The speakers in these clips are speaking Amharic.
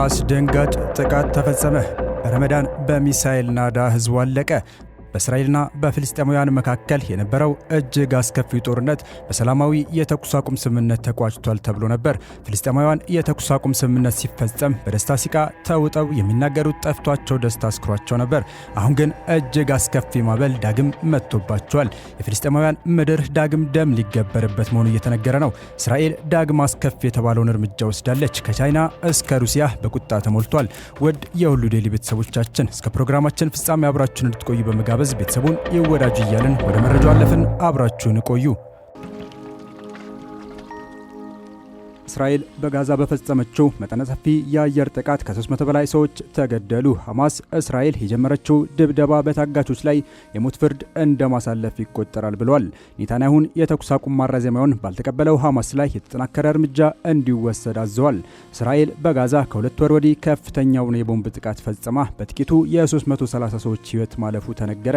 አስደንጋጭ ጥቃት ተፈጸመ። ረመዳን በሚሳኤል ናዳ ህዝቡ አለቀ። በእስራኤልና በፍልስጤማውያን መካከል የነበረው እጅግ አስከፊ ጦርነት በሰላማዊ የተኩስ አቁም ስምምነት ተቋጭቷል ተብሎ ነበር። ፍልስጤማውያን የተኩስ አቁም ስምምነት ሲፈጸም በደስታ ሲቃ ተውጠው የሚናገሩት ጠፍቷቸው ደስታ አስክሯቸው ነበር። አሁን ግን እጅግ አስከፊ ማዕበል ዳግም መጥቶባቸዋል። የፍልስጤማውያን ምድር ዳግም ደም ሊገበርበት መሆኑ እየተነገረ ነው። እስራኤል ዳግም አስከፊ የተባለውን እርምጃ ወስዳለች። ከቻይና እስከ ሩሲያ በቁጣ ተሞልቷል። ውድ የሁሉ ዴይሊ ቤተሰቦቻችን እስከ ፕሮግራማችን ፍጻሜ አብራችሁን እንድትቆዩ በመጋበዝ ጋበዝ ቤተሰቡን ይወዳጅ እያልን ወደ መረጃው አለፍን። አብራችሁን ቆዩ። እስራኤል በጋዛ በፈጸመችው መጠነ ሰፊ የአየር ጥቃት ከ300 በላይ ሰዎች ተገደሉ። ሐማስ እስራኤል የጀመረችው ድብደባ በታጋቾች ላይ የሞት ፍርድ እንደማሳለፍ ይቆጠራል ብሏል። ኔታንያሁን የተኩስ አቁም ማራዘሚያውን ባልተቀበለው ሐማስ ላይ የተጠናከረ እርምጃ እንዲወሰድ አዘዋል። እስራኤል በጋዛ ከሁለት ወር ወዲህ ከፍተኛውን የቦምብ ጥቃት ፈጽማ በጥቂቱ የ330 ሰዎች ሕይወት ማለፉ ተነገረ።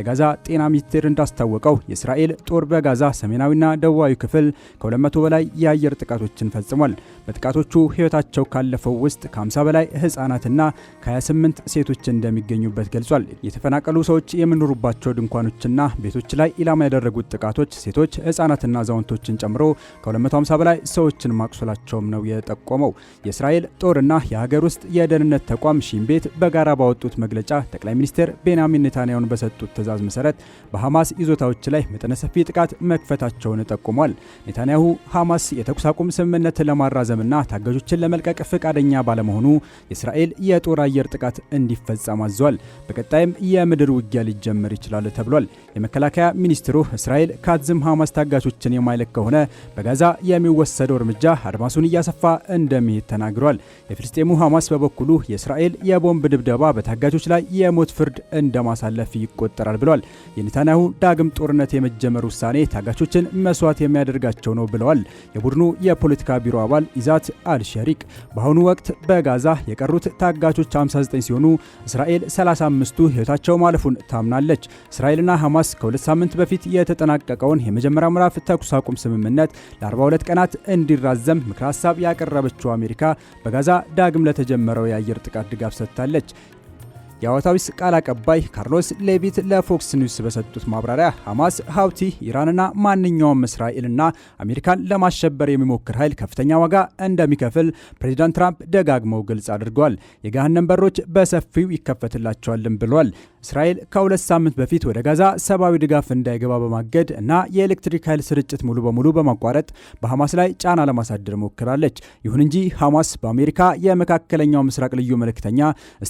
የጋዛ ጤና ሚኒስቴር እንዳስታወቀው የእስራኤል ጦር በጋዛ ሰሜናዊና ደቡባዊ ክፍል ከ200 በላይ የአየር ጥቃቶችን ጥቃትን ፈጽሟል። በጥቃቶቹ ህይወታቸው ካለፈው ውስጥ ከ50 በላይ ህጻናትና ከ28 ሴቶች እንደሚገኙበት ገልጿል። የተፈናቀሉ ሰዎች የሚኖሩባቸው ድንኳኖችና ቤቶች ላይ ኢላማ ያደረጉት ጥቃቶች ሴቶች፣ ህጻናትና አዛውንቶችን ጨምሮ ከ250 በላይ ሰዎችን ማቁሰላቸውም ነው የጠቆመው። የእስራኤል ጦርና የሀገር ውስጥ የደህንነት ተቋም ሺን ቤት በጋራ ባወጡት መግለጫ ጠቅላይ ሚኒስትር ቤንያሚን ኔታንያሁን በሰጡት ትዕዛዝ መሰረት በሐማስ ይዞታዎች ላይ መጠነ ሰፊ ጥቃት መክፈታቸውን ጠቁሟል። ኔታንያሁ ሐማስ የተኩስ አቁም ስምምነት ስምምነትን ለማራዘምና ታጋጆችን ለመልቀቅ ፈቃደኛ ባለመሆኑ የእስራኤል የጦር አየር ጥቃት እንዲፈጸም አዟል። በቀጣይም የምድር ውጊያ ሊጀመር ይችላል ተብሏል። የመከላከያ ሚኒስትሩ እስራኤል ካትዝም ሐማስ ታጋቾችን የማይለቅ ከሆነ በጋዛ የሚወሰደው እርምጃ አድማሱን እያሰፋ እንደሚሄድ ተናግሯል። የፍልስጤሙ ሐማስ በበኩሉ የእስራኤል የቦምብ ድብደባ በታጋቾች ላይ የሞት ፍርድ እንደማሳለፍ ይቆጠራል ብሏል። የኔታንያሁ ዳግም ጦርነት የመጀመር ውሳኔ ታጋቾችን መስዋዕት የሚያደርጋቸው ነው ብለዋል። የቡድኑ የፖለቲካ የፖለቲካ ቢሮ አባል ኢዛት አልሸሪቅ በአሁኑ ወቅት በጋዛ የቀሩት ታጋቾች 59 ሲሆኑ እስራኤል 35ቱ ሕይወታቸው ማለፉን ታምናለች። እስራኤልና ሐማስ ከሁለት ሳምንት በፊት የተጠናቀቀውን የመጀመሪያ ምዕራፍ ተኩስ አቁም ስምምነት ለ42 ቀናት እንዲራዘም ምክረ ሀሳብ ያቀረበችው አሜሪካ በጋዛ ዳግም ለተጀመረው የአየር ጥቃት ድጋፍ ሰጥታለች። የሐዋታዊ ቃል አቀባይ ካርሎስ ሌቪት ለፎክስ ኒውስ በሰጡት ማብራሪያ ሐማስ፣ ሀውቲ፣ ኢራንና ማንኛውም እስራኤልና አሜሪካን ለማሸበር የሚሞክር ኃይል ከፍተኛ ዋጋ እንደሚከፍል ፕሬዚዳንት ትራምፕ ደጋግመው ግልጽ አድርገዋል። የገሃነም በሮች በሰፊው ይከፈትላቸዋልም ብሏል። እስራኤል ከሁለት ሳምንት በፊት ወደ ጋዛ ሰብአዊ ድጋፍ እንዳይገባ በማገድ እና የኤሌክትሪክ ኃይል ስርጭት ሙሉ በሙሉ በማቋረጥ በሐማስ ላይ ጫና ለማሳደር ሞክራለች። ይሁን እንጂ ሐማስ በአሜሪካ የመካከለኛው ምስራቅ ልዩ መልእክተኛ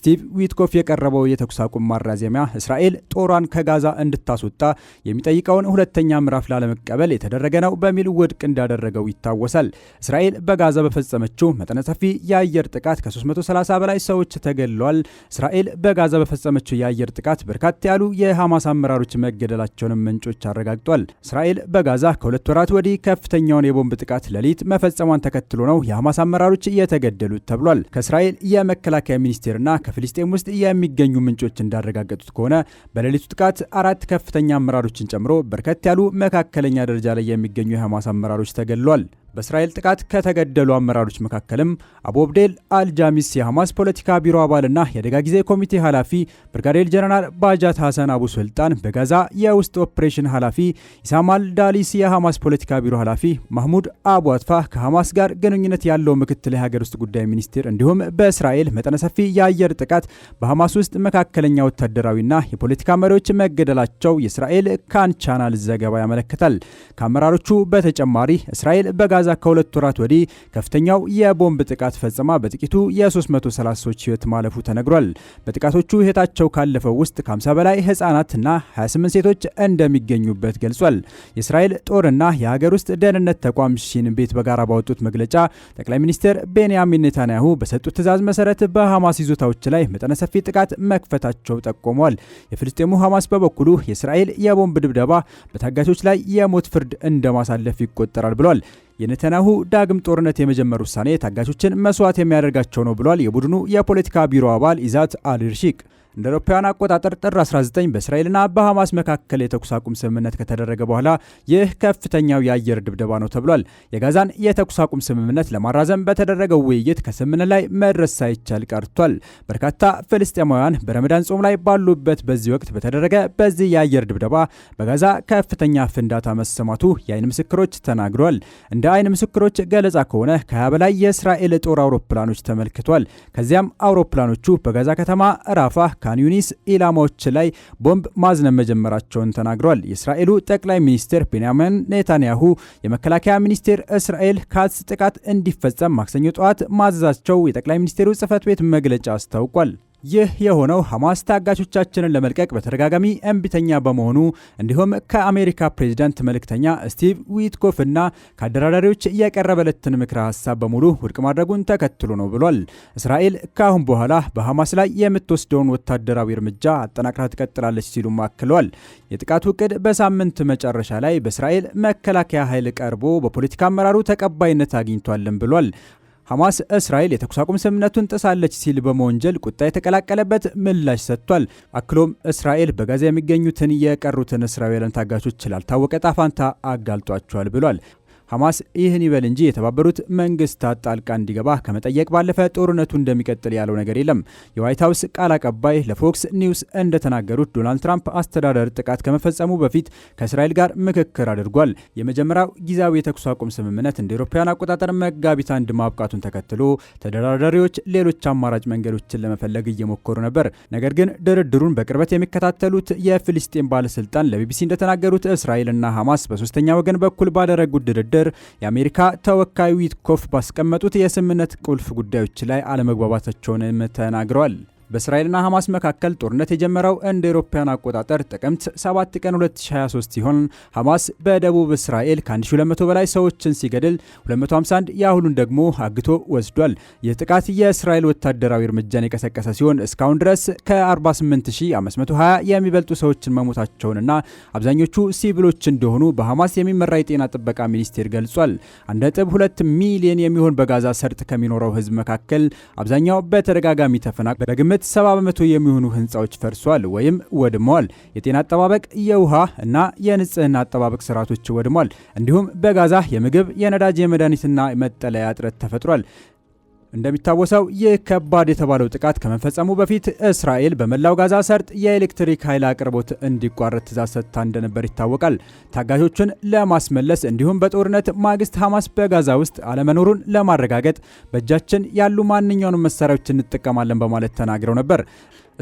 ስቲቭ ዊትኮፍ የቀረበው የተኩስ አቁም ማራዘሚያ እስራኤል ጦሯን ከጋዛ እንድታስወጣ የሚጠይቀውን ሁለተኛ ምዕራፍ ላለመቀበል የተደረገ ነው በሚል ውድቅ እንዳደረገው ይታወሳል። እስራኤል በጋዛ በፈጸመችው መጠነ ሰፊ የአየር ጥቃት ከ330 በላይ ሰዎች ተገድለዋል። እስራኤል በጋዛ በፈጸመችው የአየር ጥቃት በርካታ ያሉ የሐማስ አመራሮች መገደላቸውንም ምንጮች አረጋግጧል። እስራኤል በጋዛ ከሁለት ወራት ወዲህ ከፍተኛውን የቦምብ ጥቃት ሌሊት መፈጸሟን ተከትሎ ነው የሐማስ አመራሮች የተገደሉት ተብሏል። ከእስራኤል የመከላከያ ሚኒስቴርና ከፊልስጤም ውስጥ የሚገኙ ምንጮች እንዳረጋገጡት ከሆነ በሌሊቱ ጥቃት አራት ከፍተኛ አመራሮችን ጨምሮ በርከት ያሉ መካከለኛ ደረጃ ላይ የሚገኙ የሐማስ አመራሮች ተገድለዋል። በእስራኤል ጥቃት ከተገደሉ አመራሮች መካከልም አቡ ኦብዴል አልጃሚስ የሐማስ ፖለቲካ ቢሮ አባልና የአደጋ ጊዜ ኮሚቴ ኃላፊ ብርጋዴር ጀነራል ባጃት ሐሰን አቡ ሱልጣን፣ በጋዛ የውስጥ ኦፕሬሽን ኃላፊ ኢሳማል ዳሊስ የሐማስ ፖለቲካ ቢሮ ኃላፊ ማህሙድ አቡ አትፋ ከሐማስ ጋር ግንኙነት ያለው ምክትል የሀገር ውስጥ ጉዳይ ሚኒስትር፣ እንዲሁም በእስራኤል መጠነ ሰፊ የአየር ጥቃት በሐማስ ውስጥ መካከለኛ ወታደራዊና የፖለቲካ መሪዎች መገደላቸው የእስራኤል ካን ቻናል ዘገባ ያመለክታል። ከአመራሮቹ በተጨማሪ እስራኤል በጋ በጋዛ ከሁለት ወራት ወዲህ ከፍተኛው የቦምብ ጥቃት ፈጽማ በጥቂቱ የ330 ሰዎች ህይወት ማለፉ ተነግሯል። በጥቃቶቹ ህይወታቸው ካለፈው ውስጥ ከ50 በላይ ህጻናትና 28 ሴቶች እንደሚገኙበት ገልጿል። የእስራኤል ጦርና የሀገር ውስጥ ደህንነት ተቋም ሺን ቤት በጋራ ባወጡት መግለጫ ጠቅላይ ሚኒስትር ቤንያሚን ኔታንያሁ በሰጡት ትእዛዝ መሰረት በሐማስ ይዞታዎች ላይ መጠነ ሰፊ ጥቃት መክፈታቸው ጠቁመዋል። የፍልስጤሙ ሐማስ በበኩሉ የእስራኤል የቦምብ ድብደባ በታጋቾች ላይ የሞት ፍርድ እንደማሳለፍ ይቆጠራል ብሏል። የነተናሁ ዳግም ጦርነት የመጀመር ውሳኔ ታጋቾችን መስዋዕት የሚያደርጋቸው ነው ብሏል የቡድኑ የፖለቲካ ቢሮ አባል ኢዛት አልርሺቅ። እንደ አውሮፓውያን አቆጣጠር ጥር 19 በእስራኤልና በሐማስ መካከል የተኩስ አቁም ስምምነት ከተደረገ በኋላ ይህ ከፍተኛው የአየር ድብደባ ነው ተብሏል። የጋዛን የተኩስ አቁም ስምምነት ለማራዘም በተደረገው ውይይት ከስምምነት ላይ መድረስ ሳይቻል ቀርቷል። በርካታ ፍልስጤማውያን በረመዳን ጾም ላይ ባሉበት በዚህ ወቅት በተደረገ በዚህ የአየር ድብደባ በጋዛ ከፍተኛ ፍንዳታ መሰማቱ የአይን ምስክሮች ተናግረዋል። እንደ አይን ምስክሮች ገለጻ ከሆነ ከ በላይ የእስራኤል ጦር አውሮፕላኖች ተመልክቷል። ከዚያም አውሮፕላኖቹ በጋዛ ከተማ ራፋ ካን ዩኒስ ኢላማዎች ላይ ቦምብ ማዝነብ መጀመራቸውን ተናግሯል። የእስራኤሉ ጠቅላይ ሚኒስትር ቤንያሚን ኔታንያሁ የመከላከያ ሚኒስቴር እስራኤል ካትስ ጥቃት እንዲፈጸም ማክሰኞ ጠዋት ማዘዛቸው የጠቅላይ ሚኒስቴሩ ጽህፈት ቤት መግለጫ አስታውቋል። ይህ የሆነው ሐማስ ታጋቾቻችንን ለመልቀቅ በተደጋጋሚ እምቢተኛ በመሆኑ እንዲሁም ከአሜሪካ ፕሬዚዳንት መልእክተኛ ስቲቭ ዊትኮፍ እና ከአደራዳሪዎች የቀረበለትን ምክረ ሀሳብ በሙሉ ውድቅ ማድረጉን ተከትሎ ነው ብሏል። እስራኤል ከአሁን በኋላ በሐማስ ላይ የምትወስደውን ወታደራዊ እርምጃ አጠናክራ ትቀጥላለች ሲሉም አክለዋል። የጥቃቱ እቅድ በሳምንት መጨረሻ ላይ በእስራኤል መከላከያ ኃይል ቀርቦ በፖለቲካ አመራሩ ተቀባይነት አግኝቷልን ብሏል። ሐማስ እስራኤል የተኩስ አቁም ስምምነቱን ጥሳለች ሲል በመወንጀል ቁጣ የተቀላቀለበት ምላሽ ሰጥቷል። አክሎም እስራኤል በጋዛ የሚገኙትን የቀሩትን እስራኤላውያን ታጋቾች ላልታወቀ ጣፋንታ አጋልጧቸዋል ብሏል። ሐማስ ይህን ይበል እንጂ የተባበሩት መንግስታት ጣልቃ እንዲገባ ከመጠየቅ ባለፈ ጦርነቱ እንደሚቀጥል ያለው ነገር የለም። የዋይት ሀውስ ቃል አቀባይ ለፎክስ ኒውስ እንደተናገሩት ዶናልድ ትራምፕ አስተዳደር ጥቃት ከመፈጸሙ በፊት ከእስራኤል ጋር ምክክር አድርጓል። የመጀመሪያው ጊዜያዊ የተኩስ አቁም ስምምነት እንደ አውሮፓውያን አቆጣጠር መጋቢት አንድ ማብቃቱን ተከትሎ ተደራዳሪዎች ሌሎች አማራጭ መንገዶችን ለመፈለግ እየሞከሩ ነበር። ነገር ግን ድርድሩን በቅርበት የሚከታተሉት የፊልስጤን ባለስልጣን ለቢቢሲ እንደተናገሩት እስራኤልና ሐማስ በሶስተኛ ወገን በኩል ባደረጉት ድርድር አምባሳደር የአሜሪካ ተወካይ ዊትኮፍ ባስቀመጡት የስምምነት ቁልፍ ጉዳዮች ላይ አለመግባባታቸውንም ተናግረዋል። በእስራኤልና ሐማስ መካከል ጦርነት የጀመረው እንደ ኤሮፓያን አቆጣጠር ጥቅምት 7 ቀን 2023 ሲሆን ሐማስ በደቡብ እስራኤል ከ1200 በላይ ሰዎችን ሲገድል 251 ያህሉን ደግሞ አግቶ ወስዷል። ይህ ጥቃት የእስራኤል ወታደራዊ እርምጃን የቀሰቀሰ ሲሆን እስካሁን ድረስ ከ48520 የሚበልጡ ሰዎችን መሞታቸውንና አብዛኞቹ ሲቪሎች እንደሆኑ በሐማስ የሚመራ የጤና ጥበቃ ሚኒስቴር ገልጿል። 1.2 ሚሊዮን የሚሆን በጋዛ ሰርጥ ከሚኖረው ህዝብ መካከል አብዛኛው በተደጋጋሚ ተፈናቅ በግምት ማለት 70 በመቶ የሚሆኑ ህንፃዎች ፈርሷል ወይም ወድመዋል። የጤና አጠባበቅ፣ የውሃ እና የንጽህና አጠባበቅ ስርዓቶች ወድሟል። እንዲሁም በጋዛ የምግብ የነዳጅ የመድኃኒትና መጠለያ እጥረት ተፈጥሯል። እንደሚታወሰው ይህ ከባድ የተባለው ጥቃት ከመፈጸሙ በፊት እስራኤል በመላው ጋዛ ሰርጥ የኤሌክትሪክ ኃይል አቅርቦት እንዲቋረጥ ትእዛዝ ሰጥታ እንደነበር ይታወቃል። ታጋቾችን ለማስመለስ እንዲሁም በጦርነት ማግስት ሐማስ በጋዛ ውስጥ አለመኖሩን ለማረጋገጥ በእጃችን ያሉ ማንኛውንም መሳሪያዎች እንጠቀማለን በማለት ተናግረው ነበር።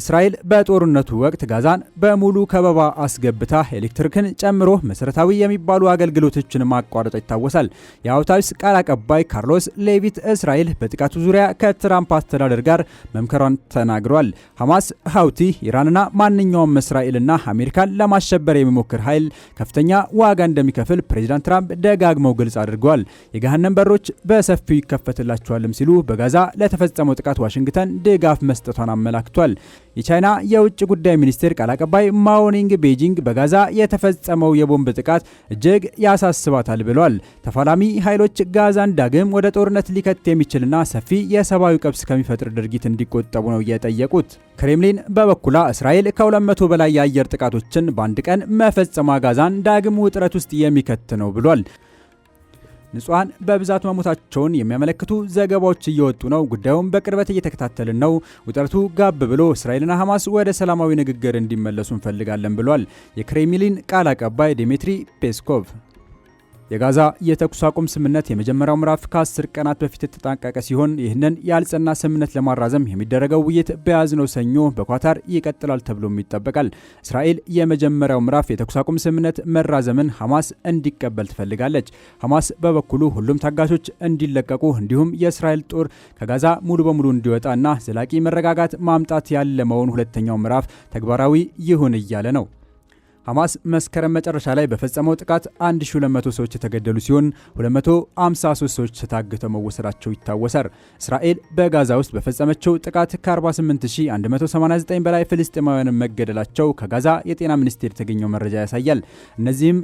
እስራኤል በጦርነቱ ወቅት ጋዛን በሙሉ ከበባ አስገብታ ኤሌክትሪክን ጨምሮ መሰረታዊ የሚባሉ አገልግሎቶችን ማቋረጧ ይታወሳል። የአውታዊስ ቃል አቀባይ ካርሎስ ሌቪት እስራኤል በጥቃቱ ዙሪያ ከትራምፕ አስተዳደር ጋር መምከሯን ተናግሯል። ሐማስ፣ ሀውቲ፣ ኢራንና ማንኛውም እስራኤልና አሜሪካን ለማሸበር የሚሞክር ኃይል ከፍተኛ ዋጋ እንደሚከፍል ፕሬዚዳንት ትራምፕ ደጋግመው ግልጽ አድርገዋል። የገሃነም በሮች በሰፊው ይከፈትላቸዋልም ሲሉ በጋዛ ለተፈጸመው ጥቃት ዋሽንግተን ድጋፍ መስጠቷን አመላክቷል። የቻይና የውጭ ጉዳይ ሚኒስቴር ቃል አቀባይ ማኦኒንግ ቤጂንግ በጋዛ የተፈጸመው የቦምብ ጥቃት እጅግ ያሳስባታል ብሏል። ተፋላሚ ኃይሎች ጋዛን ዳግም ወደ ጦርነት ሊከት የሚችልና ሰፊ የሰብአዊ ቀብስ ከሚፈጥር ድርጊት እንዲቆጠቡ ነው የጠየቁት። ክሬምሊን በበኩላ እስራኤል ከ200 በላይ የአየር ጥቃቶችን በአንድ ቀን መፈጸሟ ጋዛን ዳግም ውጥረት ውስጥ የሚከት ነው ብሏል። ንጹሐን በብዛት መሞታቸውን የሚያመለክቱ ዘገባዎች እየወጡ ነው። ጉዳዩን በቅርበት እየተከታተልን ነው። ውጥረቱ ጋብ ብሎ እስራኤልና ሐማስ ወደ ሰላማዊ ንግግር እንዲመለሱ እንፈልጋለን ብሏል የክሬምሊን ቃል አቀባይ ዲሚትሪ ፔስኮቭ። የጋዛ የተኩስ አቁም ስምምነት የመጀመሪያው ምዕራፍ ከአስር ቀናት በፊት የተጠናቀቀ ሲሆን ይህንን ያልጸና ስምምነት ለማራዘም የሚደረገው ውይይት በያዝነው ሰኞ በኳታር ይቀጥላል ተብሎም ይጠበቃል። እስራኤል የመጀመሪያው ምዕራፍ የተኩስ አቁም ስምምነት መራዘምን ሐማስ እንዲቀበል ትፈልጋለች። ሐማስ በበኩሉ ሁሉም ታጋቾች እንዲለቀቁ እንዲሁም የእስራኤል ጦር ከጋዛ ሙሉ በሙሉ እንዲወጣና ዘላቂ መረጋጋት ማምጣት ያለመውን ሁለተኛው ምዕራፍ ተግባራዊ ይሁን እያለ ነው። ሐማስ መስከረም መጨረሻ ላይ በፈጸመው ጥቃት 1200 ሰዎች የተገደሉ ሲሆን 253 ሰዎች ተታግተው መወሰዳቸው ይታወሳል። እስራኤል በጋዛ ውስጥ በፈጸመችው ጥቃት ከ48189 በላይ ፍልስጤማውያን መገደላቸው ከጋዛ የጤና ሚኒስቴር የተገኘው መረጃ ያሳያል። እነዚህም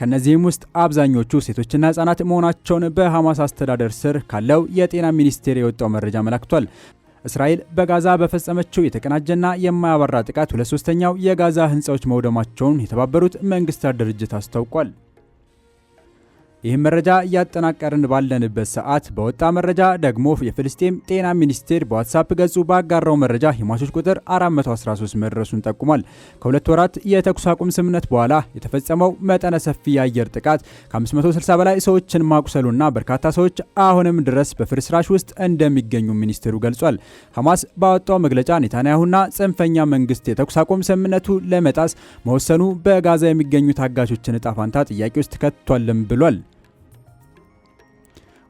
ከነዚህም ውስጥ አብዛኞቹ ሴቶችና ህጻናት መሆናቸውን በሐማስ አስተዳደር ስር ካለው የጤና ሚኒስቴር የወጣው መረጃ መላክቷል እስራኤል በጋዛ በፈጸመችው የተቀናጀና የማያባራ ጥቃት ሁለት ሶስተኛው የጋዛ ህንፃዎች መውደማቸውን የተባበሩት መንግስታት ድርጅት አስታውቋል። ይህም መረጃ እያጠናቀርን ባለንበት ሰዓት በወጣ መረጃ ደግሞ የፍልስጤም ጤና ሚኒስቴር በዋትሳፕ ገጹ ባጋራው መረጃ የሟቾች ቁጥር 413 መድረሱን ጠቁሟል። ከሁለት ወራት የተኩስ አቁም ስምምነት በኋላ የተፈጸመው መጠነ ሰፊ የአየር ጥቃት ከ560 በላይ ሰዎችን ማቁሰሉና በርካታ ሰዎች አሁንም ድረስ በፍርስራሽ ውስጥ እንደሚገኙ ሚኒስቴሩ ገልጿል። ሐማስ ባወጣው መግለጫ ኔታንያሁና ጽንፈኛ መንግስት የተኩስ አቁም ስምምነቱ ለመጣስ መወሰኑ በጋዛ የሚገኙ ታጋቾችን እጣ ፋንታ ጥያቄ ውስጥ ከቷልም ብሏል።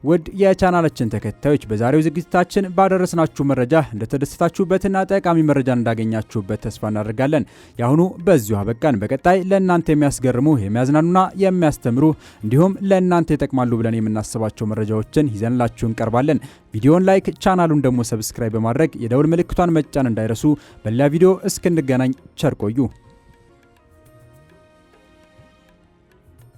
ውድ የቻናላችን ተከታዮች በዛሬው ዝግጅታችን ባደረስናችሁ መረጃ እንደተደሰታችሁበትና ጠቃሚ መረጃ እንዳገኛችሁበት ተስፋ እናደርጋለን። የአሁኑ በዚሁ አበቃን። በቀጣይ ለእናንተ የሚያስገርሙ የሚያዝናኑና የሚያስተምሩ እንዲሁም ለእናንተ ይጠቅማሉ ብለን የምናስባቸው መረጃዎችን ይዘንላችሁ እንቀርባለን። ቪዲዮን ላይክ፣ ቻናሉን ደግሞ ሰብስክራይብ በማድረግ የደውል ምልክቷን መጫን እንዳይረሱ። በሌላ ቪዲዮ እስክንገናኝ ቸር ቆዩ።